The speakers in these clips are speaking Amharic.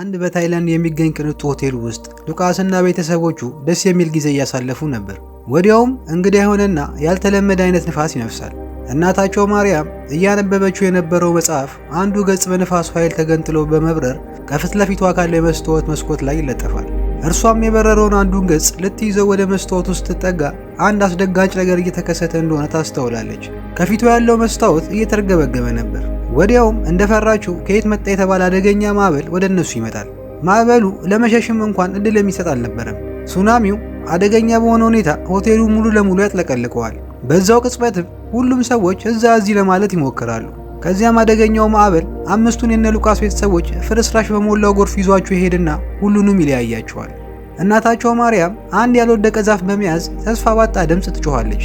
አንድ በታይላንድ የሚገኝ ቅንጡ ሆቴል ውስጥ ሉቃስና ቤተሰቦቹ ደስ የሚል ጊዜ እያሳለፉ ነበር። ወዲያውም እንግዳ የሆነና ያልተለመደ አይነት ንፋስ ይነፍሳል። እናታቸው ማርያም እያነበበችው የነበረው መጽሐፍ አንዱ ገጽ በንፋሱ ኃይል ተገንጥሎ በመብረር ከፊት ለፊቷ ካለው የመስታወት መስኮት ላይ ይለጠፋል። እርሷም የበረረውን አንዱን ገጽ ልትይዘው ወደ መስታወት ውስጥ ስትጠጋ አንድ አስደጋጭ ነገር እየተከሰተ እንደሆነ ታስተውላለች። ከፊቱ ያለው መስታወት እየተርገበገበ ነበር። ወዲያውም እንደፈራችው ከየት መጣ የተባለ አደገኛ ማዕበል ወደ እነሱ ይመጣል። ማዕበሉ ለመሸሽም እንኳን እድል የሚሰጥ አልነበረም። ሱናሚው አደገኛ በሆነ ሁኔታ ሆቴሉ ሙሉ ለሙሉ ያጥለቀልቀዋል። በዛው ቅጽበትም ሁሉም ሰዎች እዛ እዚህ ለማለት ይሞክራሉ። ከዚያም አደገኛው ማዕበል አምስቱን የነ ሉቃስ ቤተሰቦች ፍርስራሽ በሞላው ጎርፍ ይዟቸው ይሄድና ሁሉንም ይለያያቸዋል። እናታቸው ማርያም አንድ ያልወደቀ ዛፍ በመያዝ ተስፋ ባጣ ድምፅ ትጮኋለች።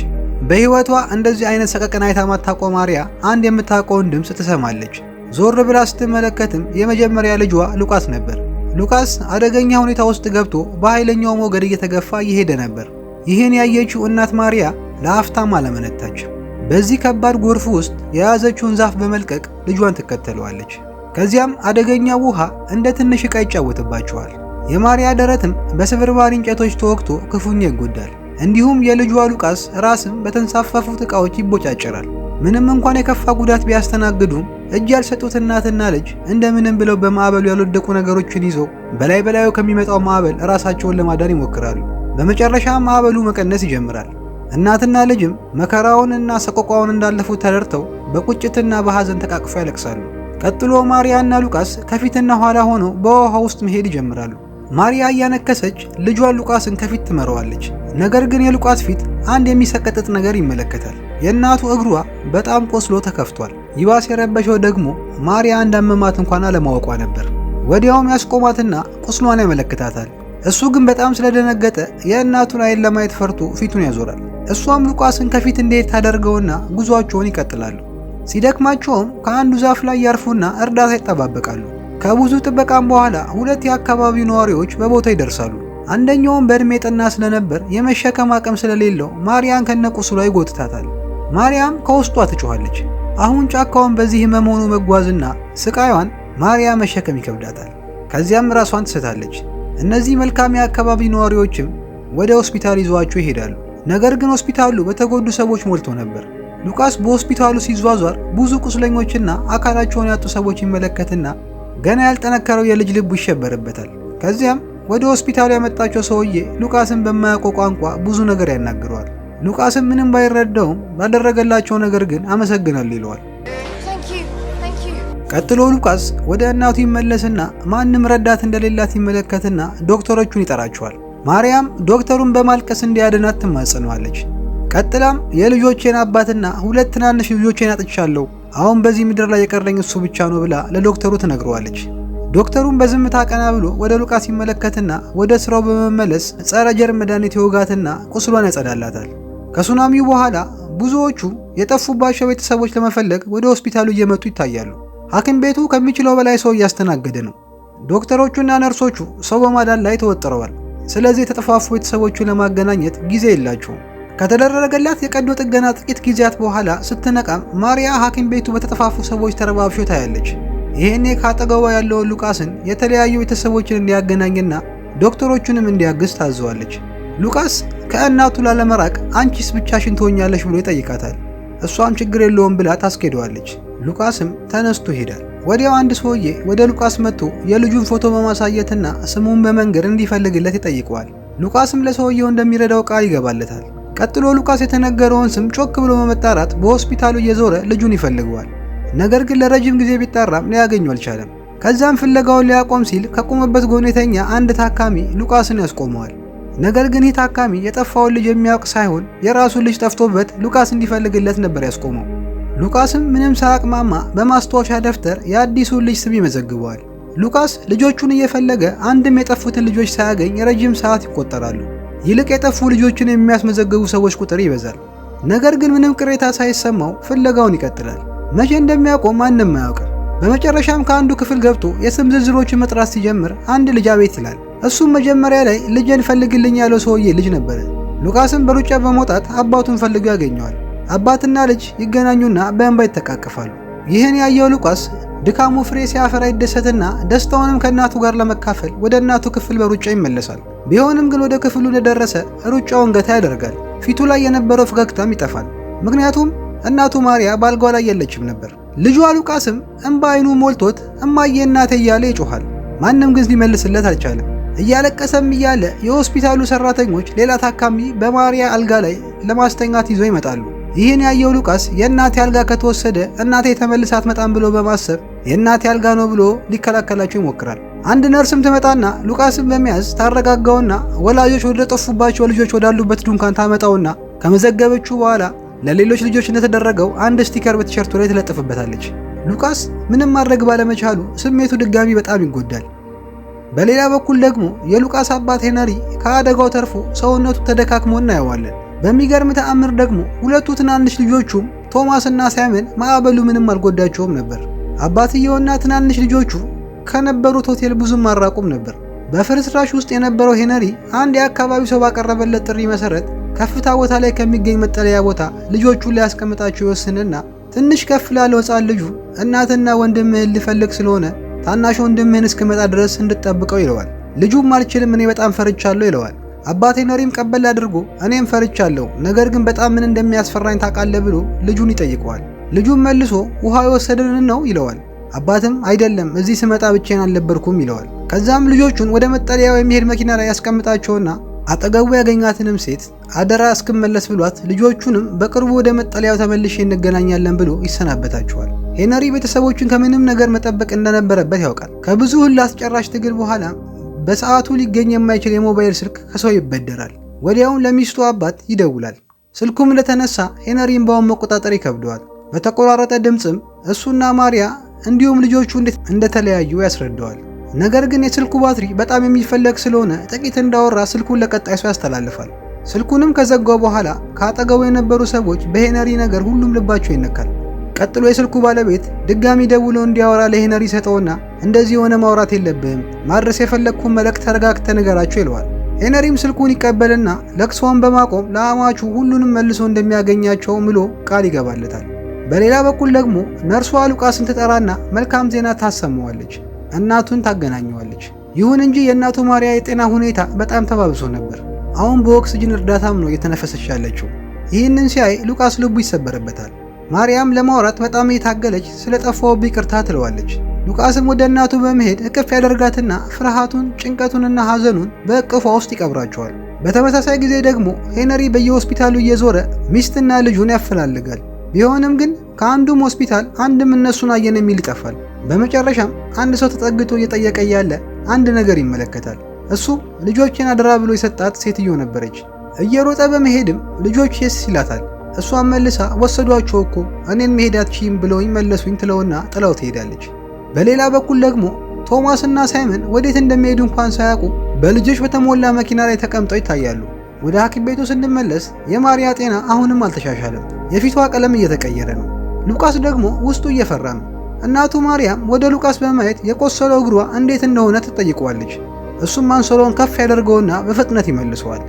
በህይወቷ እንደዚህ አይነት ሰቀቀን አይታ ማታውቀው ማሪያ አንድ የምታውቀውን ድምፅ ትሰማለች። ዞር ብላ ስትመለከትም የመጀመሪያ ልጇ ሉቃስ ነበር። ሉቃስ አደገኛ ሁኔታ ውስጥ ገብቶ በኃይለኛው ሞገድ እየተገፋ እየሄደ ነበር። ይህን ያየችው እናት ማሪያ ለአፍታም አለመነታች። በዚህ ከባድ ጎርፍ ውስጥ የያዘችውን ዛፍ በመልቀቅ ልጇን ትከተለዋለች። ከዚያም አደገኛ ውሃ እንደ ትንሽ ዕቃ ይጫወትባቸዋል። የማሪያ ደረትም በስብርባሪ እንጨቶች ተወቅቶ ክፉኛ ይጎዳል። እንዲሁም የልጇ ሉቃስ ራስም በተንሳፈፉት ዕቃዎች ይቦጫጭራል። ምንም እንኳን የከፋ ጉዳት ቢያስተናግዱም እጅ ያልሰጡት እናትና ልጅ እንደምንም ብለው በማዕበሉ ያልወደቁ ነገሮችን ይዘው በላይ በላዩ ከሚመጣው ማዕበል ራሳቸውን ለማዳን ይሞክራሉ። በመጨረሻ ማዕበሉ መቀነስ ይጀምራል። እናትና ልጅም መከራውንና ሰቆቋውን እንዳለፉት ተረድተው በቁጭትና በሐዘን ተቃቅፈው ያለቅሳሉ። ቀጥሎ ማሪያና ሉቃስ ከፊትና ኋላ ሆነው በውሃ ውስጥ መሄድ ይጀምራሉ። ማሪያ እያነከሰች ልጇ ሉቃስን ከፊት ትመራዋለች። ነገር ግን የሉቃስ ፊት አንድ የሚሰቀጥጥ ነገር ይመለከታል። የእናቱ እግሯ በጣም ቆስሎ ተከፍቷል። ይባስ የረበሸው ደግሞ ማሪያ እንዳመማት እንኳን አለማወቋ ነበር። ወዲያውም ያስቆማትና ቁስሏን ያመለክታታል። እሱ ግን በጣም ስለደነገጠ የእናቱን ዓይን ለማየት ፈርቶ ፊቱን ያዞራል። እሷም ሉቃስን ከፊት እንዴት ታደርገውና ጉዟቸውን ይቀጥላሉ። ሲደክማቸውም ከአንዱ ዛፍ ላይ ያርፉና እርዳታ ይጠባበቃሉ። ከብዙ ጥበቃም በኋላ ሁለት የአካባቢው ነዋሪዎች በቦታ ይደርሳሉ። አንደኛውም በእድሜ ጠና ስለነበር የመሸከም አቅም ስለሌለው ከነቁሱ ከነቁስሏ ይጎትታታል። ማርያም ከውስጧ ትጮኋለች። አሁን ጫካውን በዚህ ህመም ሆኖ መጓዝና ስቃዩን ማርያ መሸከም ይከብዳታል። ከዚያም ራሷን ትስታለች። እነዚህ መልካም የአካባቢ ነዋሪዎችም ወደ ሆስፒታል ይዘዋቸው ይሄዳሉ። ነገር ግን ሆስፒታሉ በተጎዱ ሰዎች ሞልቶ ነበር። ሉቃስ በሆስፒታሉ ሲዟዟር ብዙ ቁስለኞችና አካላቸውን ያጡ ሰዎች ይመለከትና ገና ያልጠነከረው የልጅ ልቡ ይሸበርበታል። ከዚያም ወደ ሆስፒታሉ ያመጣቸው ሰውዬ ሉቃስን በማያውቀው ቋንቋ ብዙ ነገር ያናግረዋል። ሉቃስን ምንም ባይረዳውም ባደረገላቸው ነገር ግን አመሰግናል ይለዋል። ቀጥሎ ሉቃስ ወደ እናቱ ይመለስና ማንም ረዳት እንደሌላት ይመለከትና ዶክተሮቹን ይጠራቸዋል። ማርያም ዶክተሩን በማልቀስ እንዲያድናት ትማጸነዋለች። ቀጥላም የልጆቼን አባትና ሁለት ትናንሽ ልጆቼን አጥቻለሁ አሁን በዚህ ምድር ላይ የቀረኝ እሱ ብቻ ነው ብላ ለዶክተሩ ትነግረዋለች። ዶክተሩም በዝምታ ቀና ብሎ ወደ ሉቃስ ይመለከትና ወደ ስራው በመመለስ ጸረ ጀርም መድኃኒት ይወጋትና ቁስሏን ያጸዳላታል። ከሱናሚው በኋላ ብዙዎቹ የጠፉባቸው ቤተሰቦች ለመፈለግ ወደ ሆስፒታሉ እየመጡ ይታያሉ። ሐኪም ቤቱ ከሚችለው በላይ ሰው እያስተናገደ ነው። ዶክተሮቹና ነርሶቹ ሰው በማዳን ላይ ተወጥረዋል። ስለዚህ የተጠፋፉ ቤተሰቦቹን ለማገናኘት ጊዜ የላቸውም። ከተደረገላት የቀዶ ጥገና ጥቂት ጊዜያት በኋላ ስትነቃም ማሪያ ሐኪም ቤቱ በተጠፋፉ ሰዎች ተረባብሾ ታያለች። ይህኔ ከአጠገቧ ያለውን ሉቃስን የተለያዩ ቤተሰቦችን እንዲያገናኝና ዶክተሮቹንም እንዲያግዝ ታዘዋለች። ሉቃስ ከእናቱ ላለመራቅ አንቺስ ብቻሽን ትሆኛለሽ ብሎ ይጠይቃታል። እሷም ችግር የለውም ብላ ታስኬደዋለች። ሉቃስም ተነስቶ ይሄዳል። ወዲያው አንድ ሰውዬ ወደ ሉቃስ መጥቶ የልጁን ፎቶ በማሳየትና ስሙን በመንገድ እንዲፈልግለት ይጠይቀዋል። ሉቃስም ለሰውየው እንደሚረዳው ቃል ይገባለታል። ቀጥሎ ሉቃስ የተነገረውን ስም ጮክ ብሎ በመጣራት በሆስፒታሉ እየዞረ ልጁን ይፈልገዋል። ነገር ግን ለረጅም ጊዜ ቢጠራም ሊያገኙ አልቻለም። ከዛም ፍለጋውን ሊያቆም ሲል ከቆመበት ጎን የተኛ አንድ ታካሚ ሉቃስን ያስቆመዋል። ነገር ግን ይህ ታካሚ የጠፋውን ልጅ የሚያውቅ ሳይሆን የራሱ ልጅ ጠፍቶበት ሉቃስ እንዲፈልግለት ነበር ያስቆመው። ሉቃስም ምንም ሳያቅማማ በማስታወሻ ደብተር የአዲሱን ልጅ ስም ይመዘግበዋል። ሉቃስ ልጆቹን እየፈለገ አንድም የጠፉትን ልጆች ሳያገኝ ረጅም ሰዓት ይቆጠራሉ። ይልቅ የጠፉ ልጆችን የሚያስመዘግቡ ሰዎች ቁጥር ይበዛል። ነገር ግን ምንም ቅሬታ ሳይሰማው ፍለጋውን ይቀጥላል። መቼ እንደሚያቆም ማንም አያውቅም። በመጨረሻም ከአንዱ ክፍል ገብቶ የስም ዝርዝሮችን መጥራት ሲጀምር አንድ ልጅ አቤት ይላል። እሱም መጀመሪያ ላይ ልጄን ፈልግልኝ ያለው ሰውዬ ልጅ ነበረ። ሉቃስም በሩጫ በመውጣት አባቱን ፈልጎ ያገኘዋል። አባትና ልጅ ይገናኙና በእንባ ይተቃቀፋሉ። ይህን ያየው ሉቃስ ድካሙ ፍሬ ሲያፈራ ይደሰትና ደስታውንም ከእናቱ ጋር ለመካፈል ወደ እናቱ ክፍል በሩጫ ይመለሳል። ቢሆንም ግን ወደ ክፍሉ እንደደረሰ ሩጫውን ገታ ያደርጋል። ፊቱ ላይ የነበረው ፈገግታም ይጠፋል። ምክንያቱም እናቱ ማርያ ባልጓ ላይ የለችም ነበር። ልጇ ሉቃስም እምባ አይኑ ሞልቶት እማዬ እናቴ እያለ ይጮኋል። ማንም ግን ሊመልስለት አልቻለም። እያለቀሰም እያለ የሆስፒታሉ ሰራተኞች ሌላ ታካሚ በማሪያ አልጋ ላይ ለማስተኛት ይዞ ይመጣሉ። ይህን ያየው ሉቃስ የእናቴ አልጋ ከተወሰደ እናቴ የተመልሳ አትመጣም ብሎ በማሰብ የእናቴ አልጋ ነው ብሎ ሊከላከላቸው ይሞክራል። አንድ ነርስም ትመጣና ሉቃስን በመያዝ ታረጋጋውና ወላጆች ወደ ጠፉባቸው ልጆች ወዳሉበት ድንኳን ታመጣውና ከመዘገበችው በኋላ ለሌሎች ልጆች እንደተደረገው አንድ ስቲከር በቲሸርቱ ላይ ትለጥፍበታለች። ሉቃስ ምንም ማድረግ ባለመቻሉ ስሜቱ ድጋሚ በጣም ይጎዳል። በሌላ በኩል ደግሞ የሉቃስ አባት ሄነሪ ከአደጋው ተርፎ ሰውነቱ ተደካክሞ እናየዋለን። በሚገርም ተአምር ደግሞ ሁለቱ ትናንሽ ልጆቹም ቶማስና ሳይመን ማዕበሉ ምንም አልጎዳቸውም ነበር። አባትየውና ትናንሽ ልጆቹ ከነበሩት ሆቴል ብዙም አራቁም ነበር። በፍርስራሽ ውስጥ የነበረው ሄነሪ አንድ የአካባቢው ሰው ባቀረበለት ጥሪ መሰረት ከፍታ ቦታ ላይ ከሚገኝ መጠለያ ቦታ ልጆቹን ሊያስቀምጣቸው ይወስንና ትንሽ ከፍ ላለው ሕፃን ልጁ እናትና ወንድምህን ልፈልግ ስለሆነ ታናሽ ወንድምህን እስክመጣ ድረስ እንድጠብቀው ይለዋል። ልጁም አልችልም እኔ በጣም ፈርቻለሁ ይለዋል። አባቴን ሪም ቀበል አድርጎ እኔም ፈርቻለሁ፣ ነገር ግን በጣም ምን እንደሚያስፈራኝ ታውቃለህ ብሎ ልጁን ይጠይቀዋል። ልጁም መልሶ ውሃ የወሰደንን ነው ይለዋል። አባትም አይደለም እዚህ ስመጣ ብቻዬን አልነበርኩም ይለዋል። ከዛም ልጆቹን ወደ መጠለያው የሚሄድ መኪና ላይ ያስቀምጣቸውና አጠገቡ ያገኛትንም ሴት አደራ እስክመለስ ብሏት ልጆቹንም በቅርቡ ወደ መጠለያው ተመልሼ እንገናኛለን ብሎ ይሰናበታቸዋል። ሄነሪ ቤተሰቦቹን ከምንም ነገር መጠበቅ እንደነበረበት ያውቃል። ከብዙ ሁሉ አስጨራሽ ትግል በኋላ በሰዓቱ ሊገኝ የማይችል የሞባይል ስልክ ከሰው ይበደራል። ወዲያውን ለሚስቱ አባት ይደውላል። ስልኩም እንደተነሳ ሄነሪ እንባውን መቆጣጠር ይከብደዋል። በተቆራረጠ ድምፅም እሱና ማሪያ እንዲሁም ልጆቹ እንደተለያዩ ያስረደዋል። ነገር ግን የስልኩ ባትሪ በጣም የሚፈለግ ስለሆነ ጥቂት እንዳወራ ስልኩን ለቀጣይ ሰው ያስተላልፋል። ስልኩንም ከዘጋው በኋላ ከአጠገቡ የነበሩ ሰዎች በሄነሪ ነገር ሁሉም ልባቸው ይነካል። ቀጥሎ የስልኩ ባለቤት ድጋሚ ደውሎ እንዲያወራ ለሄነሪ ሰጠውና እንደዚህ የሆነ ማውራት የለብህም ማድረስ የፈለግኩን መልእክት ተረጋግተ ንገራቸው ይለዋል። ሄነሪም ስልኩን ይቀበልና ለቅሶውን በማቆም ለአማቹ ሁሉንም መልሶ እንደሚያገኛቸው ምሎ ቃል ይገባለታል። በሌላ በኩል ደግሞ ነርሷ ሉቃስን ትጠራና መልካም ዜና ታሰማዋለች። እናቱን ታገናኘዋለች። ይሁን እንጂ የእናቱ ማርያ የጤና ሁኔታ በጣም ተባብሶ ነበር። አሁን በኦክስጅን እርዳታም ነው እየተነፈሰች ያለችው። ይህንን ሲያይ ሉቃስ ልቡ ይሰበርበታል። ማርያም ለማውራት በጣም እየታገለች ስለ ጠፋው ይቅርታ ትለዋለች። ሉቃስም ወደ እናቱ በመሄድ እቅፍ ያደርጋትና ፍርሃቱን፣ ጭንቀቱንና ሐዘኑን በእቅፏ ውስጥ ይቀብራቸዋል። በተመሳሳይ ጊዜ ደግሞ ሄነሪ በየሆስፒታሉ እየዞረ ሚስትና ልጁን ያፈላልጋል። ቢሆንም ግን ከአንዱም ሆስፒታል አንድም እነሱን አየን የሚል ይጠፋል። በመጨረሻም አንድ ሰው ተጠግቶ እየጠየቀ ያለ አንድ ነገር ይመለከታል። እሱም ልጆችን አደራ ብሎ የሰጣት ሴትዮ ነበረች። እየሮጠ በመሄድም የስ ይላታል። እሷን መልሳ ወሰዷቸው እኮ እኔን መሄድ አትችይም ብለውኝ መለሱኝ ትለውና ጥላው ትሄዳለች። በሌላ በኩል ደግሞ ቶማስና ሳይመን ወዴት እንደሚሄዱ እንኳን ሳያውቁ በልጆች በተሞላ መኪና ላይ ተቀምጠው ይታያሉ። ወደ ሐኪም ቤቱ ስንመለስ የማሪያ ጤና አሁንም አልተሻሻለም። የፊቷ ቀለም እየተቀየረ ነው። ሉቃስ ደግሞ ውስጡ እየፈራ ነው። እናቱ ማርያም ወደ ሉቃስ በማየት የቆሰለው እግሯ እንዴት እንደሆነ ትጠይቀዋለች። እሱም አንሶሎን ከፍ ያደርገውና በፍጥነት ይመልሰዋል።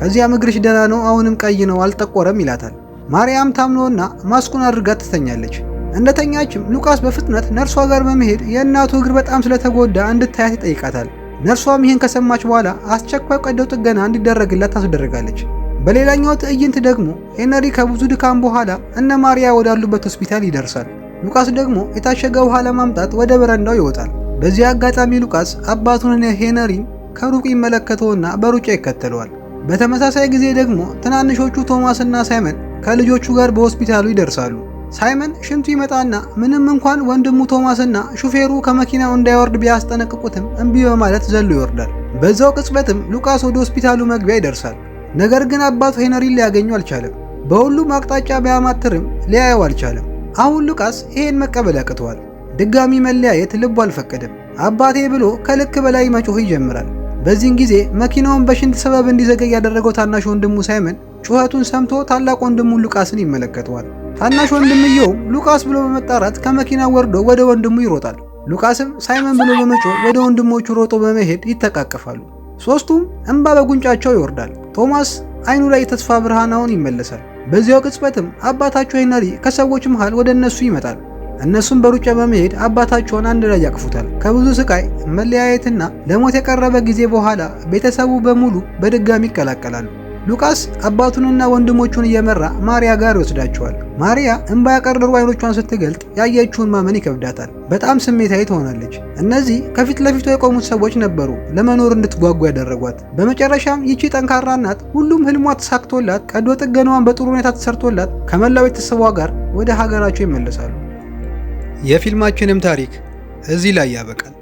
ከዚያ እግርሽ ደህና ነው፣ አሁንም ቀይ ነው፣ አልጠቆረም ይላታል። ማርያም ታምኖና ማስኩን አድርጋ ትተኛለች። እንደተኛችም ሉቃስ በፍጥነት ነርሷ ጋር በመሄድ የእናቱ እግር በጣም ስለተጎዳ እንድታያት ይጠይቃታል። ነርሷም ይህን ከሰማች በኋላ አስቸኳይ ቀዶ ጥገና እንዲደረግላት ታስደረጋለች። በሌላኛው ትዕይንት ደግሞ ሄነሪ ከብዙ ድካም በኋላ እነ ማርያ ወዳሉበት ሆስፒታል ይደርሳል። ሉቃስ ደግሞ የታሸገ ውሃ ለማምጣት ወደ በረንዳው ይወጣል። በዚህ አጋጣሚ ሉቃስ አባቱን ሄነሪን ከሩቅ ይመለከተውና በሩጫ ይከተለዋል። በተመሳሳይ ጊዜ ደግሞ ትናንሾቹ ቶማስና ሳይመን ከልጆቹ ጋር በሆስፒታሉ ይደርሳሉ። ሳይመን ሽንቱ ይመጣና ምንም እንኳን ወንድሙ ቶማስና ሹፌሩ ከመኪናው እንዳይወርድ ቢያስጠነቅቁትም እምቢ በማለት ዘሎ ይወርዳል። በዛው ቅጽበትም ሉቃስ ወደ ሆስፒታሉ መግቢያ ይደርሳል። ነገር ግን አባቱ ሄነሪን ሊያገኙ አልቻለም። በሁሉም አቅጣጫ ቢያማትርም ሊያየው አልቻለም። አሁን ሉቃስ ይሄን መቀበል ያቅተዋል። ድጋሚ መለያየት ልቡ አልፈቀደም። አባቴ ብሎ ከልክ በላይ መጮህ ይጀምራል። በዚህን ጊዜ መኪናውን በሽንት ሰበብ እንዲዘገይ ያደረገው ታናሽ ወንድሙ ሳይመን ጩኸቱን ሰምቶ ታላቅ ወንድሙ ሉቃስን ይመለከተዋል። ታናሽ ወንድምየውም ሉቃስ ብሎ በመጣራት ከመኪና ወርዶ ወደ ወንድሙ ይሮጣል። ሉቃስም ሳይመን ብሎ በመጮ ወደ ወንድሞቹ ሮጦ በመሄድ ይተቃቀፋሉ። ሦስቱም እንባ በጉንጫቸው ይወርዳል። ቶማስ አይኑ ላይ የተስፋ ብርሃናውን ይመለሳል። በዚያው ቅጽበትም አባታቸው ሄነሪ ከሰዎች መሃል ወደ እነሱ ይመጣል። እነሱም በሩጫ በመሄድ አባታቸውን አንድ ላይ ያቅፉታል። ከብዙ ስቃይ፣ መለያየትና ለሞት የቀረበ ጊዜ በኋላ ቤተሰቡ በሙሉ በድጋሚ ይቀላቀላሉ። ሉቃስ አባቱንና ወንድሞቹን እየመራ ማሪያ ጋር ይወስዳቸዋል። ማሪያ እንባ ያቀረሩ አይኖቿን ስትገልጥ ያየችውን ማመን ይከብዳታል። በጣም ስሜታዊ ትሆናለች። እነዚህ ከፊት ለፊቷ የቆሙት ሰዎች ነበሩ ለመኖር እንድትጓጓ ያደረጓት። በመጨረሻም ይቺ ጠንካራ እናት ሁሉም ህልሟ ተሳክቶላት ቀዶ ጥገናዋን በጥሩ ሁኔታ ተሰርቶላት ከመላው ቤተሰቧ ጋር ወደ ሀገራቸው ይመለሳሉ። የፊልማችንም ታሪክ እዚህ ላይ ያበቃል።